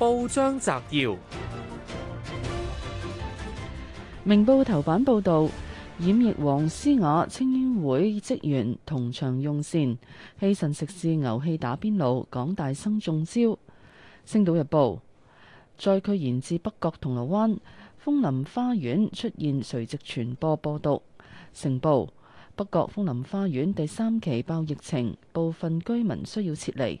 報章摘要：明報頭版報道：染疫黃思雅，青年會職員同場用膳，氣神食肆牛氣打邊爐，港大生中招。星島日報，災區延至北角銅鑼灣楓林花園出現垂直傳播，播，播毒。成報北角楓林花園第三期爆疫情，部分居民需要撤離。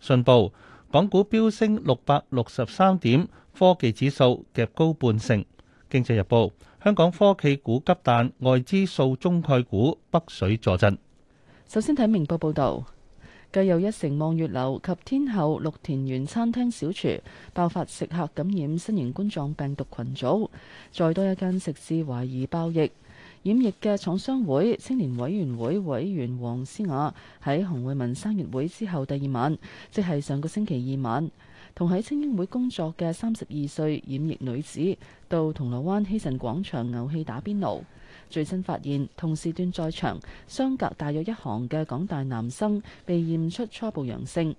信報：港股飆升六百六十三點，科技指數夾高半成。經濟日報：香港科技股急彈，外資掃中概股北水助陣。首先睇明報報道，繼有一城望月樓及天后綠田園餐廳小廚爆發食客感染新型冠狀病毒群組，再多一間食肆懷疑爆疫。染疫嘅廠商會青年委員會委員黃思雅喺洪慧文生日會之後第二晚，即係上個星期二晚，同喺青英會工作嘅三十二歲染疫女子到銅鑼灣希慎廣場牛氣打邊爐。最新發現，同時段在場相隔大約一行嘅港大男生被驗出初步陽性。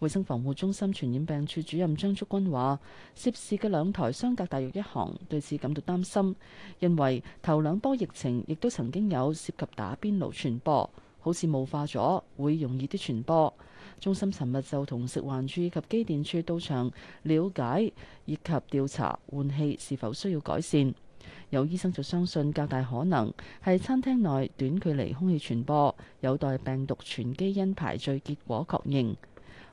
衛生防護中心傳染病處主任張竹君話：涉事嘅兩台相隔大約一行，對此感到擔心，因為頭兩波疫情亦都曾經有涉及打邊爐傳播，好似霧化咗，會容易啲傳播。中心尋日就同食環署及機電處到場了解以及調查換氣是否需要改善。有醫生就相信較大可能係餐廳內短距離空氣傳播，有待病毒全基因排序結果確認。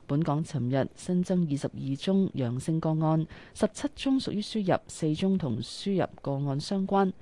本港尋日新增二十二宗陽性個案，十七宗屬於輸入，四宗同輸入個案相關。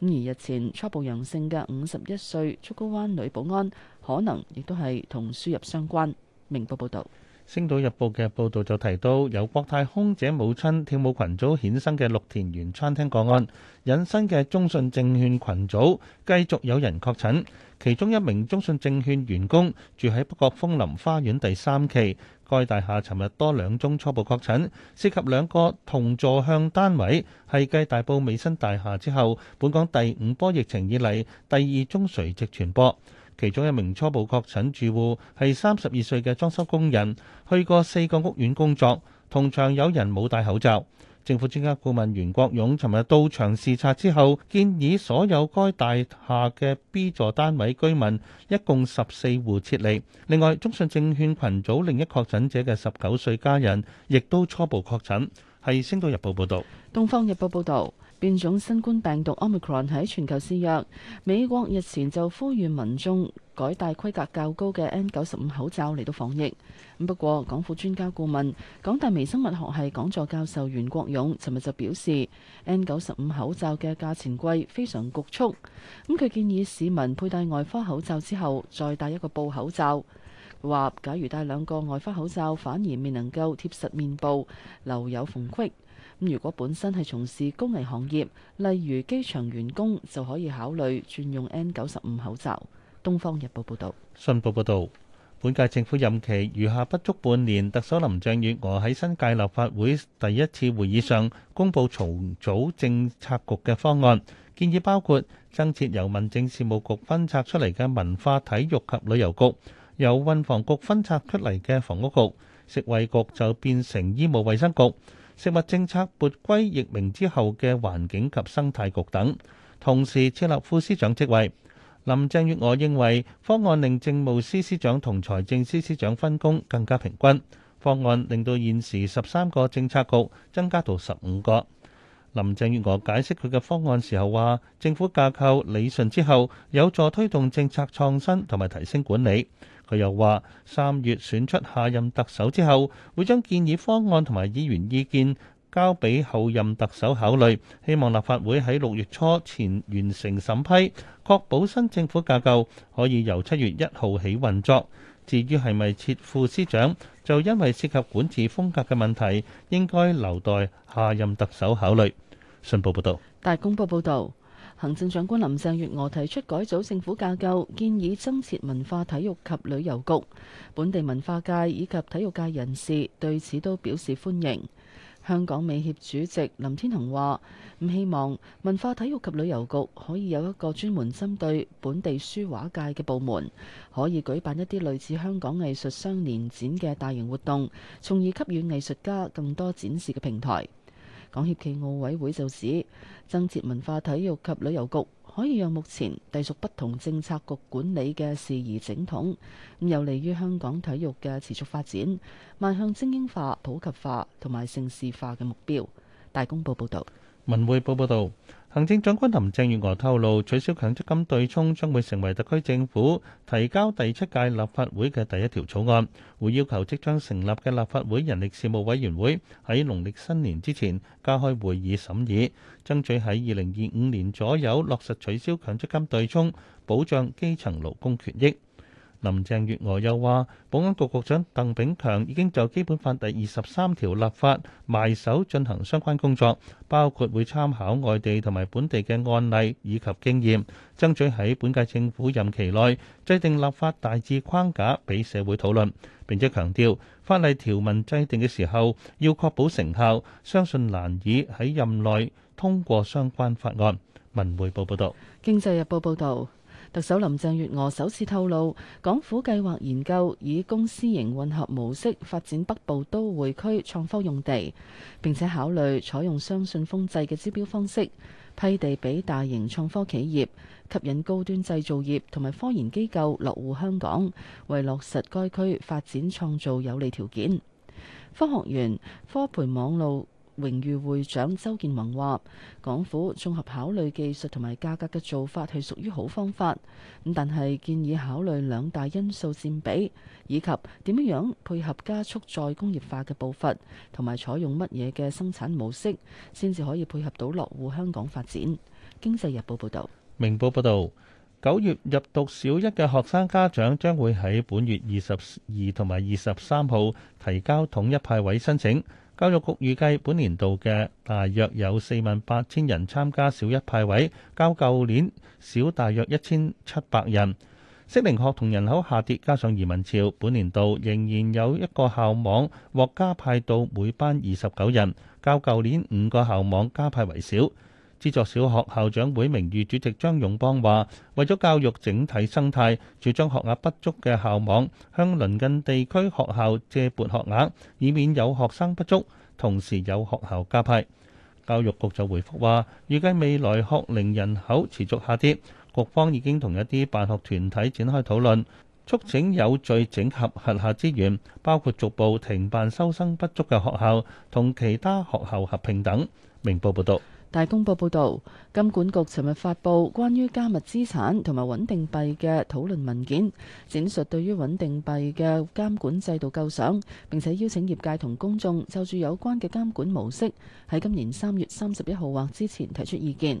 咁而日前初步陽性嘅五十一歲竹篙灣女保安，可能亦都係同輸入相關。明報報道。星島日報嘅報導就提到，由國泰空姐母親跳舞群組衍生嘅綠田園餐廳個案，引申嘅中信證券群組繼續有人確診，其中一名中信證券員工住喺北角楓林花園第三期，該大廈尋日多兩宗初步確診，涉及兩個同座向單位，係繼大埔美新大廈之後，本港第五波疫情以嚟第二宗垂直傳播。其中一名初步確診住戶係三十二歲嘅裝修工人，去過四個屋苑工作，同場有人冇戴口罩。政府專家顧問袁國勇尋日到場視察之後，建議所有該大廈嘅 B 座單位居民，一共十四戶撤離。另外，中信證券群組另一確診者嘅十九歲家人，亦都初步確診。係《星島日報》報道。《東方日報》報道。變種新冠病毒 omicron 喺全球肆虐，美國日前就呼籲民眾改戴規格較高嘅 N95 口罩嚟到防疫。不過，港府專家顧問、港大微生物學系講座教授袁國勇，尋日就表示，N95 口罩嘅價錢貴，非常局促。咁佢建議市民佩戴外科口罩之後，再戴一個布口罩。佢話，假如戴兩個外科口罩，反而未能夠貼實面部，留有縫隙。咁如果本身係從事高危行業，例如機場員工，就可以考慮轉用 N 九十五口罩。《東方日報》報導，《信報》報導，本屆政府任期餘下不足半年，特首林鄭月娥喺新界立法會第一次會議上公佈重組政策局嘅方案，建議包括增設由民政事務局分拆出嚟嘅文化、體育及旅遊局，由運房局分拆出嚟嘅房屋局，食衞局就變成醫務衛生局，食物政策撥歸易名之後嘅環境及生態局等，同時設立副司長職位。林鄭月娥認為方案令政務司司長同財政司司長分工更加平均。方案令到現時十三個政策局增加到十五個。林鄭月娥解釋佢嘅方案時候，話：政府架構理順之後，有助推動政策創新同埋提升管理。佢又話：三月選出下任特首之後，會將建議方案同埋議員意見交俾後任特首考慮，希望立法會喺六月初前完成審批，確保新政府架構可以由七月一號起運作。至於係咪設副司長，就因為涉及管治風格嘅問題，應該留待下任特首考慮。信報報道，大公報報道。行政長官林鄭月娥提出改組政府架構，建議增設文化、體育及旅遊局。本地文化界以及體育界人士對此都表示歡迎。香港美協主席林天雄話：唔希望文化、體育及旅遊局可以有一個專門針對本地書畫界嘅部門，可以舉辦一啲類似香港藝術雙年展嘅大型活動，從而給予藝術家更多展示嘅平台。港協暨奧委會就指，增設文化體育及旅遊局，可以讓目前隸屬不同政策局管理嘅事宜整統，咁有利於香港體育嘅持續發展，邁向精英化、普及化同埋城市化嘅目標。大公報報道。文匯報報道。行政長官林鄭月娥透露，取消強積金對沖將會成為特區政府提交第七屆立法會嘅第一條草案，會要求即將成立嘅立法會人力事務委員會喺農曆新年之前加開會議審議，爭取喺二零二五年左右落實取消強積金對沖，保障基層勞工權益。林鄭月娥又話，保安局局長鄧炳強已經就基本法第二十三條立法埋手進行相關工作，包括會參考外地同埋本地嘅案例以及經驗，爭取喺本屆政府任期內制定立法大致框架俾社會討論。並且強調，法例條文制定嘅時候要確保成效，相信難以喺任內通過相關法案。文匯報報導，《經濟日報》報導。特首林鄭月娥首次透露，港府計劃研究以公私營混合模式發展北部都會區創科用地，並且考慮採用雙信封制嘅招標方式批地俾大型創科企業，吸引高端製造業同埋科研機構落戶香港，為落實該區發展創造有利條件。科學園科培網路。榮譽會長周建宏話：港府綜合考慮技術同埋價格嘅做法係屬於好方法，咁但係建議考慮兩大因素佔比，以及點樣配合加速再工業化嘅步伐，同埋採用乜嘢嘅生產模式，先至可以配合到落戶香港發展。經濟日報報道：「明報報道，九月入讀小一嘅學生家長將會喺本月二十二同埋二十三號提交統一派位申請。教育局預計本年度嘅大約有四萬八千人參加小一派位，較舊年少大約一千七百人。適齡學童人口下跌，加上移民潮，本年度仍然有一個校網獲加派到每班二十九人，較舊年五個校網加派為少。資助小學校長會名譽主席張勇邦話：為咗教育整體生態，主張學額不足嘅校網向鄰近地區學校借撥學額，以免有學生不足，同時有學校加派。教育局就回覆話：預計未來學齡人口持續下跌，局方已經同一啲辦學團體展開討論，促請有序整合轄下資源，包括逐步停辦收生不足嘅學校，同其他學校合併等。明報報道。大公報報導，金管局尋日發布關於加密資產同埋穩定幣嘅討論文件，展述對於穩定幣嘅監管制度構想，並且邀請業界同公眾就住有關嘅監管模式，喺今年三月三十一號或之前提出意見。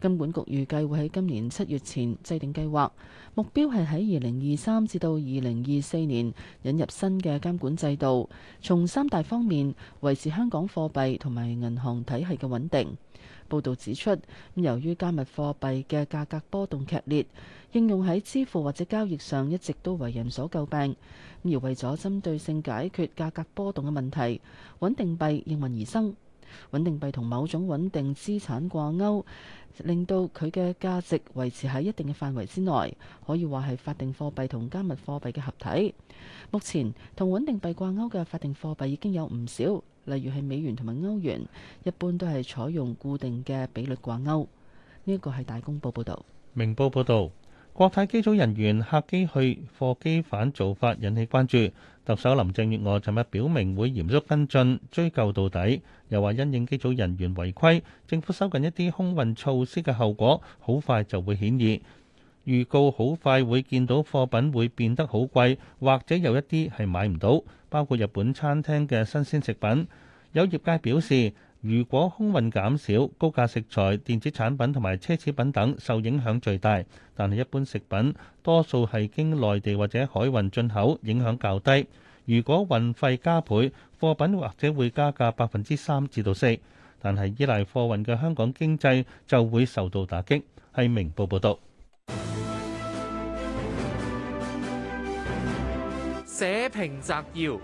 金管局預計會喺今年七月前制定計劃，目標係喺二零二三至到二零二四年引入新嘅監管制度，從三大方面維持香港貨幣同埋銀行體系嘅穩定。報導指出，由於加密貨幣嘅價格波動劇烈，應用喺支付或者交易上一直都為人所詬病。而為咗針對性解決價格波動嘅問題，穩定幣應運而生。穩定幣同某種穩定資產掛鈎，令到佢嘅價值維持喺一定嘅範圍之內，可以話係法定貨幣同加密貨幣嘅合體。目前同穩定幣掛鈎嘅法定貨幣已經有唔少，例如係美元同埋歐元，一般都係採用固定嘅比率掛鈎。呢一個係大公報報導，明報報導。國泰機組人員客機去貨機返做法，引起關注，特首林鄭月娥尋日表明會嚴肅跟進，追究到底。又話因應機組人員違規，政府收緊一啲空運措施嘅後果，好快就會顯現，預告好快會見到貨品會變得好貴，或者有一啲係買唔到，包括日本餐廳嘅新鮮食品。有業界表示。如果空運減少，高價食材、電子產品同埋奢侈品等受影響最大。但係一般食品多數係經內地或者海運進口，影響較低。如果運費加倍，貨品或者會加價百分之三至到四。但係依賴貨運嘅香港經濟就會受到打擊。係明報報道。社評摘要。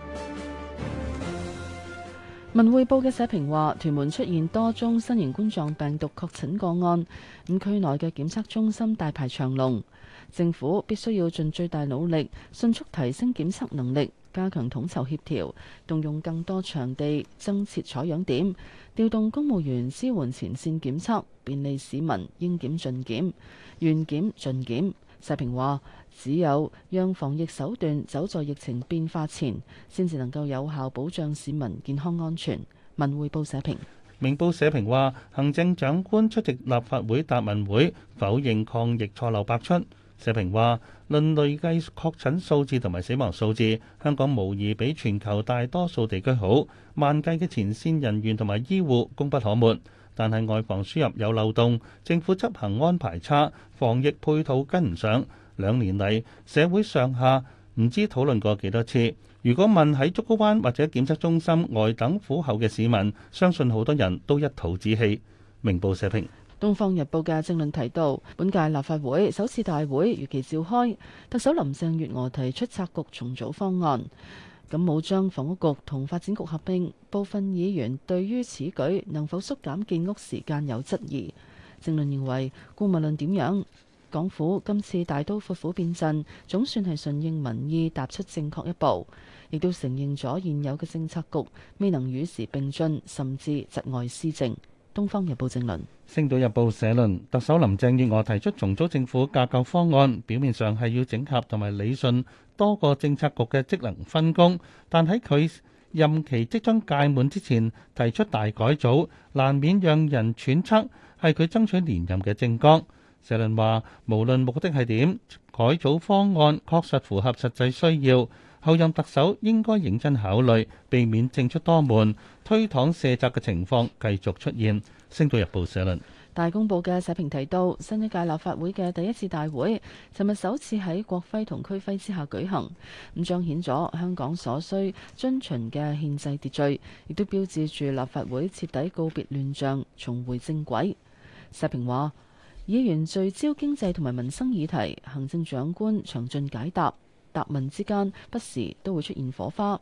文匯報嘅社評話：屯門出現多宗新型冠狀病毒確診個案，五區內嘅檢測中心大排長龍，政府必須要盡最大努力，迅速提升檢測能力，加強統籌協調，動用更多場地增設採樣點，調動公務員支援前線檢測，便利市民應檢盡檢、願檢盡檢。社評話。只有讓防疫手段走在疫情變化前，先至能夠有效保障市民健康安全。文匯報社評明報社評話行政長官出席立法會答問會，否認抗疫錯漏百出。社評話，論累計確診數字同埋死亡數字，香港無疑比全球大多數地區好。萬計嘅前線人員同埋醫護功不可沒，但係外防輸入有漏洞，政府執行安排差，防疫配套跟唔上。兩年嚟，社會上下唔知討論過幾多次。如果問喺竹篙灣或者檢測中心外等苦候嘅市民，相信好多人都一肚子氣。明報社評《東方日報》嘅政論提到，本屆立法會首次大會如期召開，特首林鄭月娥提出拆局重組方案，咁冇將房屋局同發展局合併。部分議員對於此舉能否縮減建屋時間有質疑。政論認為，顧問論點樣？港府今次大刀闊斧變陣，總算係順應民意踏出正確一步，亦都承認咗現有嘅政策局未能與時並進，甚至窒礙施政。東方日報正論。星島日報社論，特首林鄭月娥提出重組政府架構方案，表面上係要整合同埋理順多個政策局嘅職能分工，但喺佢任期即將屆滿之前提出大改組，難免讓人揣測係佢爭取連任嘅政綱。社論話，無論目的係點，改組方案確實符合實際需要。後任特首應該認真考慮，避免政出多門、推搪卸責嘅情況繼續出現。星島日報社論。大公報嘅社評提到，新一屆立法會嘅第一次大會，尋日首次喺國徽同區徽之下舉行，咁彰顯咗香港所需遵循嘅憲制秩序，亦都標誌住立法會徹底告別亂象，重回正軌。社評話。議員聚焦經濟同埋民生議題，行政長官詳盡解答。答問之間，不時都會出現火花。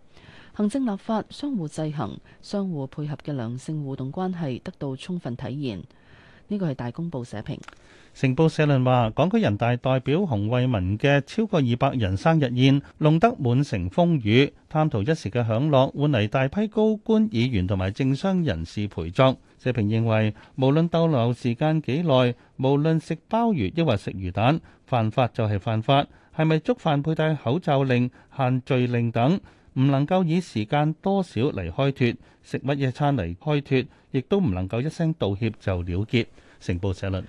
行政立法相互制衡、相互配合嘅良性互動關係得到充分體現。呢個係大公報社評。成報社論話，港區人大代表洪為民嘅超過二百人生日宴，弄得滿城風雨，貪圖一時嘅享樂，換嚟大批高官、議員同埋政商人士陪葬。社評認為，無論逗留時間幾耐，無論食鮑魚抑或食魚蛋，犯法就係犯法。係咪觸犯佩戴口罩令、限聚令等，唔能夠以時間多少嚟開脫，食乜嘢餐嚟開脫，亦都唔能夠一聲道歉就了結。成報社論。